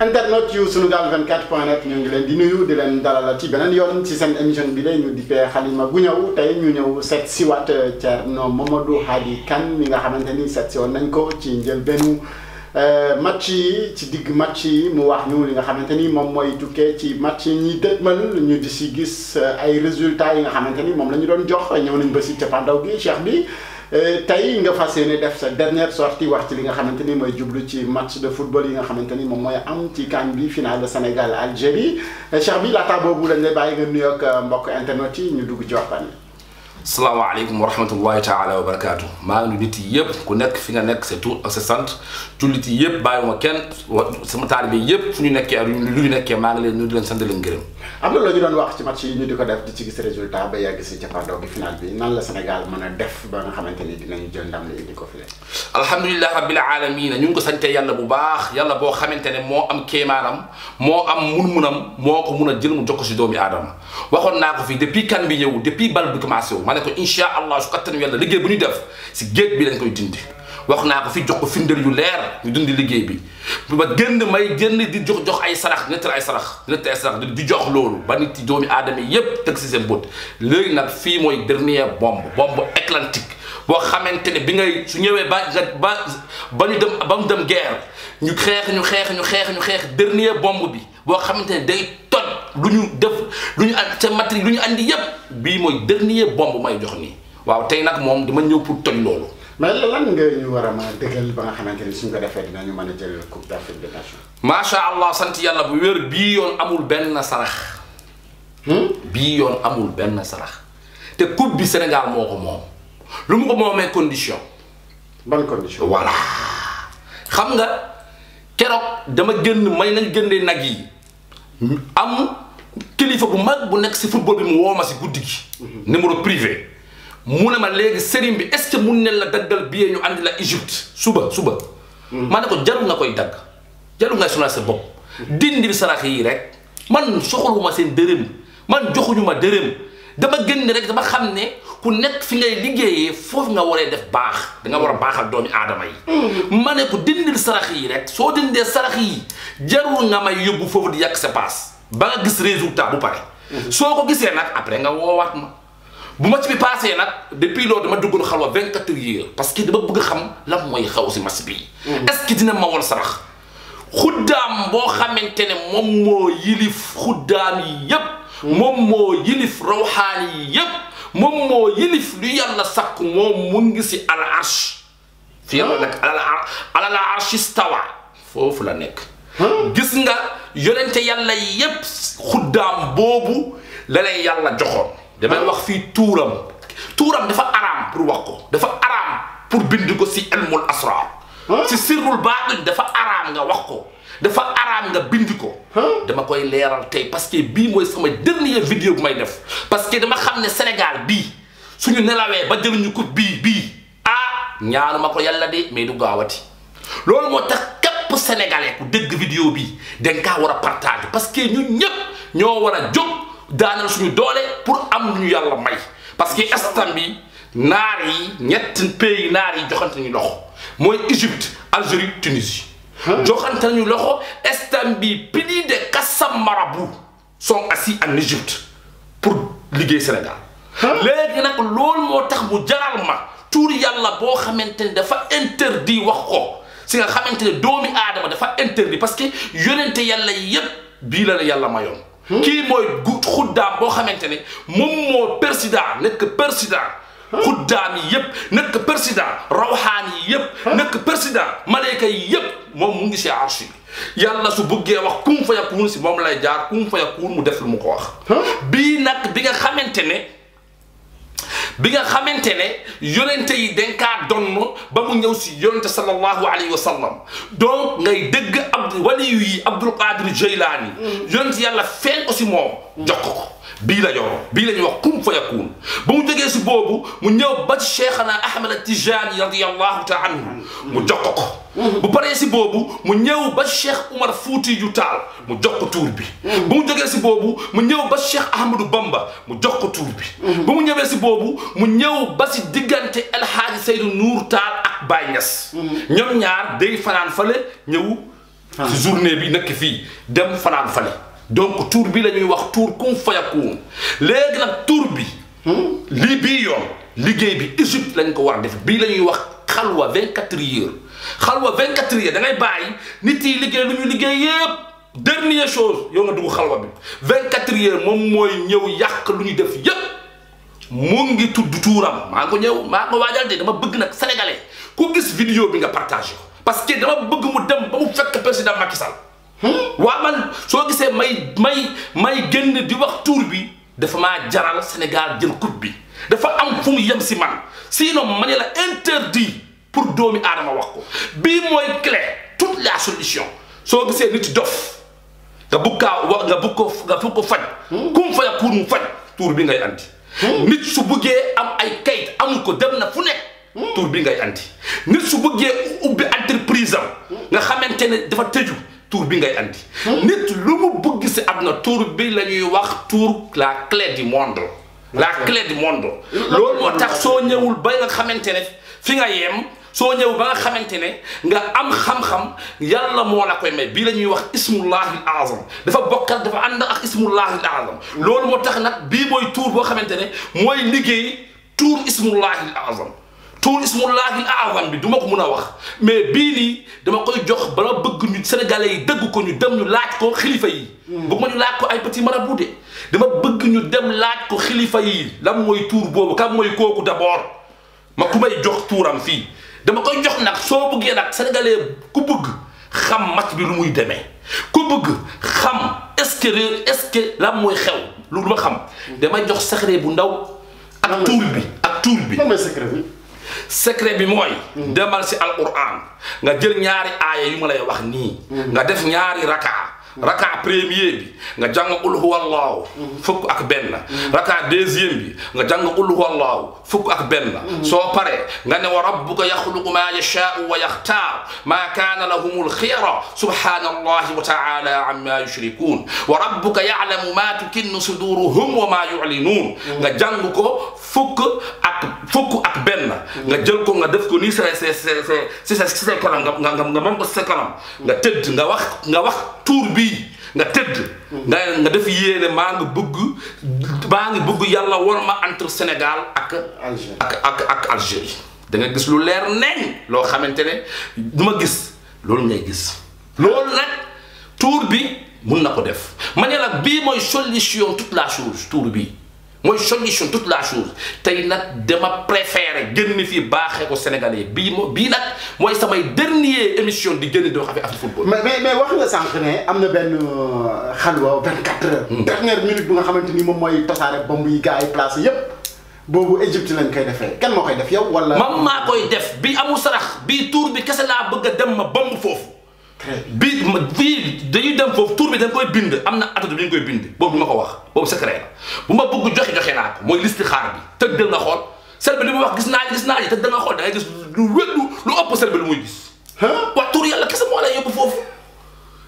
internet yu Sunugal 24 point net ñu ngi leen di nuyu di leen dalal ci beneen yoon ci seen émission bi la ñu dippee xalima gu ñëw tey ñu ñëw seet siwaat euh, Thierno Mamadou Hadi Kane mi nga xamante ni si woon nañ ko ci njëlbeenu euh, match yi ci diggu match yi mu wax ñu li nga xamante ni moom mooy tukkee ci match yi ñuy dëgmal ñu di si gis euh, ay résultats yi nga xamante ni moom la ñu doon jox ñëw nañ ba si cappaandaw gi cheikh bi Euh, tey nga fas yéene def sa dernière sortie wax ci li nga xamante ni mooy jublu ci match de football yi nga xamante ni moom mooy am ci CAN bi finale Sénégal Algérie euh, Cheikh bi laata boobu lañ lay bàyyi nga nuyoog euh, mbokk internet yi ñu dugg ci waxtaan salaamaaleykum wa rahmatullahi taala wa barakaatu maa ngi nit yi yëpp ku nekk fi nga nekk sa tur ak sa sant jullit yi yëpp bàyyiwuma kenn sama taalibe yëpp fu ñu nekkee ak nekkee maa ngi leen ñu di leen sant leen gërëm am na la ñu doon wax ci match yi ñu di ko def di ci gis résultat ba yàgg si cappaandaw gi final bi nan la Sénégal mën a def ba nga xamante ni dinañu jël ndam li indi ko fi alhamdulilah rabbil alamina ñu ngi ko sante yàlla bu baax yàlla boo xamante ne moo am kéemaanam moo am mun moo ko mun a jël mu jokko si doomi aadama waxoon naa ko fii depuis kan bi ñëw depuis bal bi commencé wu ma ne ko insha allah su kattanu yàlla liggéey bu ñu def si géej bi lañ koy dindi wax naa ko fi jox ko firndeel yu leer ñu dundi liggéey bi ba génn may génn di jox jox ay sarax nettal ay sarax nettal ay di jox loolu ba nit yi doomi aadama yépp teg si seen bët léegi nag fii mooy dernier bombe bombe atlantique boo xamante ne bi ngay su ñëwee ba ba ba ñu dem ba mu dem guerre ñu xeex ñu xeex ñu xeex ñu xeex dernier bombe bi boo xamante ne day toj lu ñu def lu ñu ak sa matériel lu ñu andi yépp bii mooy dernier bomb may jox nii waaw tey nag moom dama ñëw pour toj loolu. la lan nga ñu war a mën dëggal ba nga xamante ni suñ ko defee ñu mën a jël coupe d'Afrique des nations. macha allah sant yàlla bu wér bii yoon amul benn sarax. Hmm? bii yoon amul benn sarax te coupe bi Sénégal moo moom. lu mu ko moomee condition. ban condition voilà. xam nga keroog dama génn may nañ génnee nag yi am kilifa bu mag bu nekk si football bi mu woo ma si guddi gi. Mhm. numéro privé. mu ne ma léegi sëriñ bi est-ce que mun ne la daggal billet ñu andi la Égypte suba suba. Mhm. ma ne ko jarul nga koy dagg jarul ngay sonal sa bopp. Mhm. dindi sarax yi rek man soxaluma seen dërëm man joxuñu ma dërëm. dama gën rek dama xam ne ku nekk fi ngay liggéeyee foofu nga waree def baax danga war a baaxal doomi aadama yi mm. ma ne ko dindil sarax yi rek soo dindee sarax yi jarul nga may yóbbu foofu di yàq sa paas ba nga gis résultat bu pare mm-hmm. soo ko gisee nag après nga woowaat ma bu ma match bi passé nag depuis loolu dama duggoon xalwa vingt quatre heures parce que dama bëgg xam lan mooy xaw si match bi mm-hmm. est-ce dina ma woon sarax xuddaam boo xamante ne moom moo yilif xuddaam yi yépp moom moo yilif rawxaani yi yépp moom moo yilif lu yàlla sakku moom mu ngi si al arsh fi yàlla nekk alal arsh istawa foofu la nekk gis nga yonente yàlla yépp xuddaam boobu la lay yàlla joxoon damay wax fii tuuram tuuram dafa araam pour wax ko dafa araam pour bind ko si ilmul asrar si sirrul baatin dafa araam nga wax ko dafa xaar nga bind ko. dama koy leeral tey parce que bii mooy sama dernier vidéo bu may def parce que dama xam ne Sénégal bii suñu nelawee ba jëluñu ko bii bii ah ma ko yàlla de mais du gaawati loolu moo tax képp sénégalais ku dégg vidéo bi danga kaa war a partager parce que ñun ñëpp ñoo war a jóg daanal suñu doole pour am lu ñu yàlla may parce que instant bi naar yi ñetti pays naar yi joxante ñu loxo mooy Égypte Algérie Tunisie. joxante nañu loxo instant bi plus de quatre marabu sont assis en Égypte pour liggéey Sénégal. léegi nag loolu moo tax bu jaral ma tuur yàlla boo xamante ne dafa interdit wax ko si nga xamante ne doomi aadama dafa interdit parce que yonente yàlla yépp bii la la yàlla mayoon. Hmm? kii mooy gu boo xamante ne moom moo président nekk président. xuddaam yi yëpp nekk président rawxaan yi yëpp nekk président malayka yi yëpp moom mu ngi si arsu bi su bëggee wax kum fa yakuun si moom lay jaar kum fa yakuun mu def lu mu ko wax bii bi nga xamante ne bi nga xamante ne yonente yi dankaa donn ba mu ñëw si yonente sallallahu alayhi wa sallam donc ngay dëgg ab waliyu yi abdul qadir jeylaani hmm. yonente yàlla feeñ ko si moom jox ko bii la yoroo bii la ñuy wax kun fa yakun ba mu jógee si boobu mu ñëw ba ci cheikhana ahmad tijani radiallahu ta anhu mu jox ko ko mm-hmm. bu paree si boobu mu ñëw ba cheikh Umar Fuuti yu taal mu jox ko tuur bi mm-hmm. ba mu jógee si boobu mu ñëw ba cheikh ahmadou bamba mu jox ko tuur bi mm-hmm. ba mu ñëwee si boobu mu ñëw ba si diggante El Hadji Seydou Nour Taal ak Baye Niass ñoom ñaar day fanaan fale ñëw si journée bi nekk fii dem fanaan fale donc tuur bi la ñuy wax tuur kum fayakuun léegi nag tuur bi hmm? lii bii yoon liggéey bi Égypte lañ ko war def bii la ñuy wax xalwa 24 heures xalwa 24 heures da ngay bàyyi nit yi liggéey lu ñu liggéey yépp dernière chose yow nga dugg xalwa bi 24 heures moom mooy ñëw yàq lu ñu def yépp mu ngi tudd tuuram maa ngi ko ñëw maa ngi waajal de dama bëgg nag sénégalais ku gis vidéo bi nga partagé ko que dama bëgg mu dem ba mu fekk président Macky Sall Hmm? waa man soo gisee may may may génn di wax tuur bi dafa maa jaral Sénégal jël coupe bi dafa am fu mu yem si man si sinon ma ne la interdit pour doomi aadama wax ko bii mooy clé toute la solution soo gisee nit dof nga bugg kaa wa nga bugg ko nga bugg faj. Hmm? kum fa kuur mu faj tuur bi ngay andi. Hmm? nit su buggee am ay kayit am ko dem na fu nekk. tuur bi ngay andi nit su buggee ubbi entreprise am. nga xamante ne dafa tëju. tuur bi ngay andi. nit lu mu bëgg si am na tuur bi la ñuy wax tuur la clé du monde. la clé du monde. loolu moo tax soo ñëwul ba nga xamante ne fi nga yem soo ñëw ba nga xamante ne nga am xam-xam yàlla moo la koy may bii la ñuy wax ismullahil azam dafa bokkal dafa na ak ismullahil azam. loolu moo tax nag bii mooy tuur boo xamante ne mooy liggéey tuur ismullahil azam tuur ismullahi aawan bi du ma ko mun a wax mais bii nii dama koy jox bala bëgg ñu sénégalais yi dëgg ko ñu dem ñu laaj ko xilifa yi hmm. bëgg ma ñu laaj ko ay petit a de dama bëgg ñu dem laaj ko xilifa yi lan mooy tuur boobu kan mooy kooku d'abord ma ku may jox tuuram fii dama koy jox nag soo bëggee nag sénégalais ku bëgg xam match bi lu muy demee ku bëgg xam est-ce que est-ce que lan mooy xew lu ma xam hmm. damay jox secret bu ndaw ak tuur bi ak tuur bi secret bi mooy. Mm-hmm. demal si alquran nga jël ñaari aaya yu ma lay wax nii. Mm-hmm. nga def ñaari raka. Mm-hmm. raka premier bi nga jàng qul huwallaahu fukk ak benn raka deuxième bi nga jàng qul huwallaahu fukk ak benn soo paree nga ne wa rabbuka yaxluqu maa yashaau wa yaxtaar maa kaana lahumul xiyara subhaanallahi wa taala ammaa yushrikuun wa rabbuka ya'lamu maa tukinnu suduuruhum wa maa yu'linuun nga jàng ko fukk ak fukk ak benn nga jël ko nga def ko nii sa sa sa si sa si sa kanam nga nga nga mën ko si sa kanam nga tëdd nga wax nga wax tuur bii nga tëdd nga nga def yéene maa ngi bëgg maa ngi bëgg yàlla war ma entre Sénégal ak ak ak ak Algérie da nga gis lu leer neñ loo xamante ne du ma gis loolu ngay gis loolu nag tuur bi mun na ko def ma ne la bii mooy solution toute la chose tuur bii mooy solution tout la chose tey nag dama préféré génn fii baaxee ko Sénégalais bii mo bii nag mooy samay dernier émission di génn doo xam ne affaire football. mais wax nga sànq ne am na benn euh, xalwa 24 heures. Hmm. dernière minute bu nga xamante ni moom mooy tasaare bomb yi gars yi placé yépp boobu Égypte lañ koy defee kan moo koy def yow wala. man maa koy def bi amul sarax bii tour bi kese laa bëgg a dem ma bomb foofu. bi bi dañuy dem foofu tur bi dañ koy bind am na atatu bi dañ koy bind boobu ma ko wax boobu sa la bu ma bëgg joxe joxe naa ko mooy liste xaar bi tëddal na xool sel bi li muy wax gis naa gis naa ji tëddal nga xool da ngay gis lu wétlu lu bi lu muy gis waaw tur yàlla kese moo lay yóbbu foofu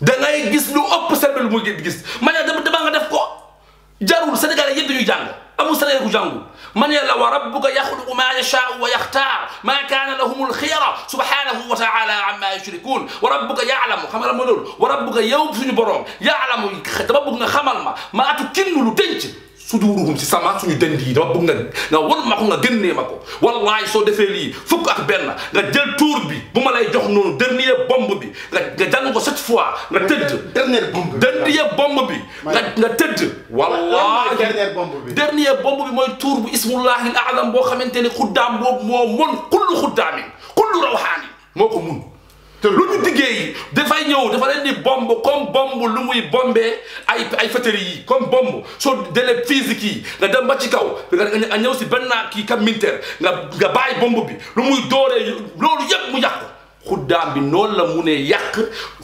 da ngay gis lu ëpp sel bi lu gis ma ne dama nga def ko jarul Sénégalais yëpp dañuy amul Sénégal ku jàngu man yàlla wa rabbuka yaxluqu maa yashaau wa yaxtaar maa kaana lahumul xiyara subhaanahu wa taala amma yushrikuun wa rabbuka yaalamu xam nga la ma loolu wa rabbuka yow suñu borom yaalamu dama bëgg nga xamal ma maatu kinnu lu denc suduuruhum si sama suñu dënd yi dama bëgg nga nga wan ma ko ma ko wallaay soo defee lii fukk ak benn nga jël tour bi bu ma lay jox noonu dernier bombe bi nga nga jàng ko chaque fois nga tëdd. dernier bombe bi dernier bombe bi. nga nga tëdd. wallaay dernier bombe bi. dernier bombe bi mooy tour bu ismullahi al a'lam boo xamante ne xuddaam boobu moo mën kullu xuddaamin kullu rawxaani moo ko mun. lu ñu diggee yi dafay ñëw dafa leen di bomb comme bomb lu muy bombe ay ay fëtëri yi comme bomb soo délai physique yi nga dem ba ci kaw nga ñëw si benn kii kam nga nga bàyyi bomb bi lu muy dooree loolu yëpp mu yàqu xuddaam bi noonu la mu ne yàq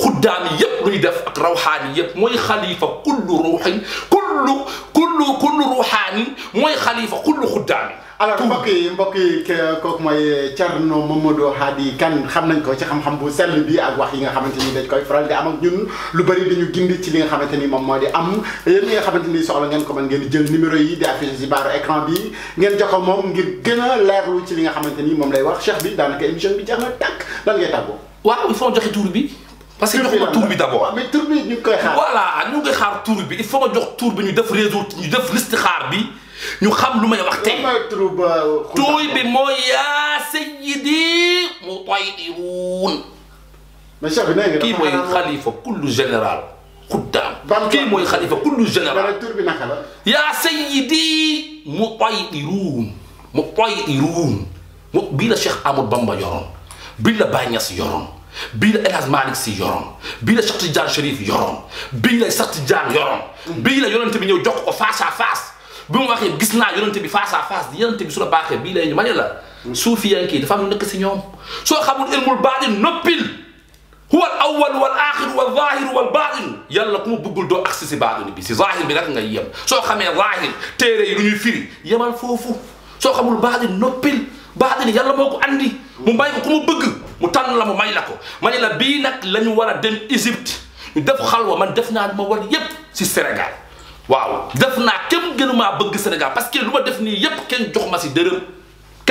xuddaam yi yëpp luy def ak rawxaani yëpp mooy xalifa kullu ruuxin kullu kullu kullu ruuxaani mooy xalifa kullu xuddaami alors mbokk yi mbokk yi kooku mooy Thierno Mamadou Hadi Kane xam nañ ko ca xam-xam bu sell bi ak wax yi nga xamante ni dañ koy faral di am ak ñun lu bëri dañu gindi ci li nga xamante ni moom moo di am yéen ñi nga xamante ni soxla ngeen ko mën ngeen jël numéro yi di affiché ci baaru écran bi ngeen jox ko moom ngir gën a leerlu ci li nga xamante moom lay wax cheikh bi daanaka émission bi jeex bi. parce que jox ma tur bi d'abord ah, mais tur bi ñu koy xaar. voilà bi ñu def réseau ñu def liste xaar bi ñu xam lu may wax tey tuuy bi mooy yaa sayyidi mutayyiruun kii mooy xalifa kullu général xuddaam kii mooy xalifa kullu général yaa sayyidi mutayyiruun mutayyiruun bii la Cheikh Amadou Bamba yoroon bii la Baye Niass yoroon bii la El Hadj Malick Sy yoroon bii la Cheikh Tidiane Chérif yoroon bii la Cheikh Tidiane yoroon mm. bii la yonent bi ñëw jox ko face à face bi mu waxee gis naa yonante bi face à face yonante bi su la baaxee bii lay ñu ma ne la suufiyanke yi dafa am nekk si ñoom soo xamul ilmul baatin noppil huwa al awwal wal aaxiru wal zaahiru wal baatin yàlla ku mu bëggul doo agsi si baatin bi si zaahir bi nag nga yem soo xamee zaahir téere yi lu ñuy firi yemal foofu soo xamul baatin noppil baatin yàlla moo ko andi mu may ko ku mu bëgg mu tànn la mu may la ko ma ne la bii nag la ñu war a dem Égypte ñu def xalwa man def naa ma war yépp si Sénégal waaw def naa kenn gënumaa bëgg Sénégal parce que lu ma def nii yépp kenn jox ma si dërëm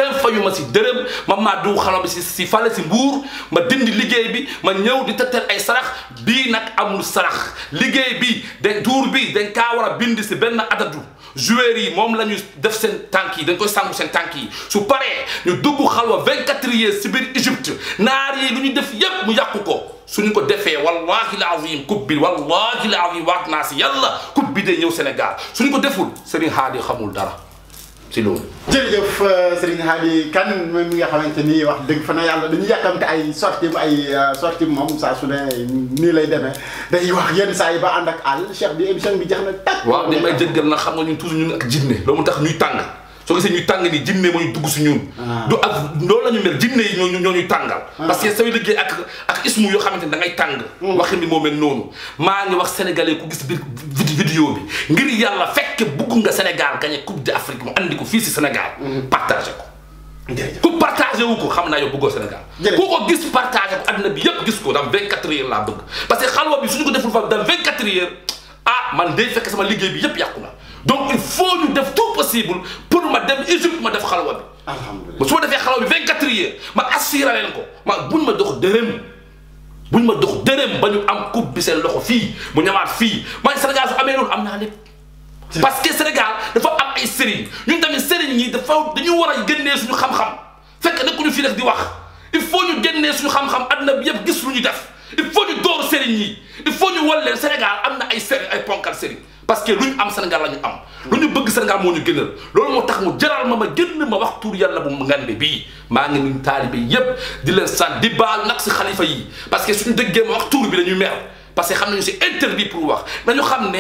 kenn fayu ma si dërëm ma maa du xalam bi si si fale si mbuur ma dindi liggéey bi ma ñëw di tëttal ay sarax bii nag amul sarax liggéey bi dañ tuur bi dañ kaa war a bind si benn adadu joueurs yi moom la ñu def seen tànk yi dañ koy sàngu seen tànk yi su paree ñu dugg xalwa 24 heures si biir Égypte naar yi lu ñu def yépp mu yàqu ko suñu ko defee wallahi alazim coupe bi wallahi alazim waat naa si yàlla coupe bi day ñëw Sénégal suñu ko deful Serigne Hadi xamul dara si loolu. jërëjëf euh, Serigne Hady Kane moom mi nga xamante ni wax dëgg fa na yàlla dañuy yàkkamte ay sorties ay euh, sorties moom saa su ne nii lay demee day wax yenn saa yi ba ànd ak àll cheikh bi émission bi jeex na tàkk. waaw dañ may jëngal na xam nga ñun toujours ñun ak jinne mu tax ñuy tàng. soo gisee ñuy tàng ni jinne mooy dugg si ñun. Ah. du ak loolu la ñu mel jinne yi ñoo ñoo ñuy tàngal. Ah. parce que say liggéey ak ak ismu yoo da ngay tàng. Hmm. waxin bi moo mel noonu. maa ngi wax sénégalais ku gis biir vidéo bi ngir yàlla fekke bugg nga Sénégal gagné coupe d'Afrique mu andi ko fii si Sénégal. Hmm. partagé ko. ku partagé wu ko xam naa yow bëggoo Sénégal. ku ko gis partagé ko àddina gis ko dans 24 parce que xalwa bi ko deful fa dans ah, man day fekk sama liggéey bi yëpp yàqu donc il faut ñu def tout possible pour ma dem Égypte ma def xalwa bi. alhamdulilah su ma defee xalwa bi 24 heures ma assuré leen ko ma buñ ma dox dërëm buñ ma dox dërëm ba ñu am coupe bi seen loxo fii mu ñamaat fii man Sénégal su amee loolu am naa lépp. parce que Sénégal dafa am ay sëriñ ñun tamit sëriñ yi dafa dañu war a génnee suñu xam-xam fekk nekkuñu fii rek di wax il faut ñu génnee suñu xamxam xam àdduna bi yëpp gis lu ñu def. il faut ñu dooru sëriñ yi il faut ñu wan leen Sénégal am na ay sëriñ ay ponkal sëriñ parce que lu ñu am Sénégal la ñu am lu ñu bëgg Sénégal moo ñu gënal loolu moo tax mu jaral ma ma génn ma wax tuur yàlla bu ngande bii maa ngi nuyu bi yépp di leen sant di baal nag si xalifa yi parce que suñu dëggee ma wax tuur bi dañuy mer parce que xam nañu si interdit pour wax dañu xam ne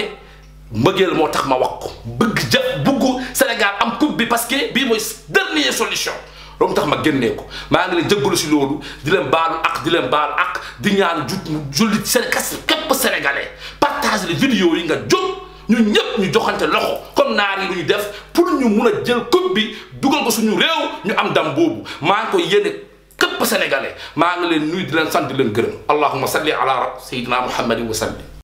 mbëggeel moo tax ma wax ko bëgg ja bëggu Sénégal am coupe bi parce que bii mooy dernière solution doomu tax ma génnee ko maa ngi leen jëggalu si loolu di leen baalu ak di leen baalu ak di ñaan jut jullit seen kas képp sénégalais partage les vidéos yi nga jóg ñu ñëpp ñu joxante loxo comme naar yi ñu def pour ñu mun a jël coupe bi dugal ko suñu réew ñu am dam boobu maa ngi koy yéene képp sénégalais maa ngi leen nuyu di leen sant di leen gërëm allahumma salli ala sayyidina muhammadin wa sallim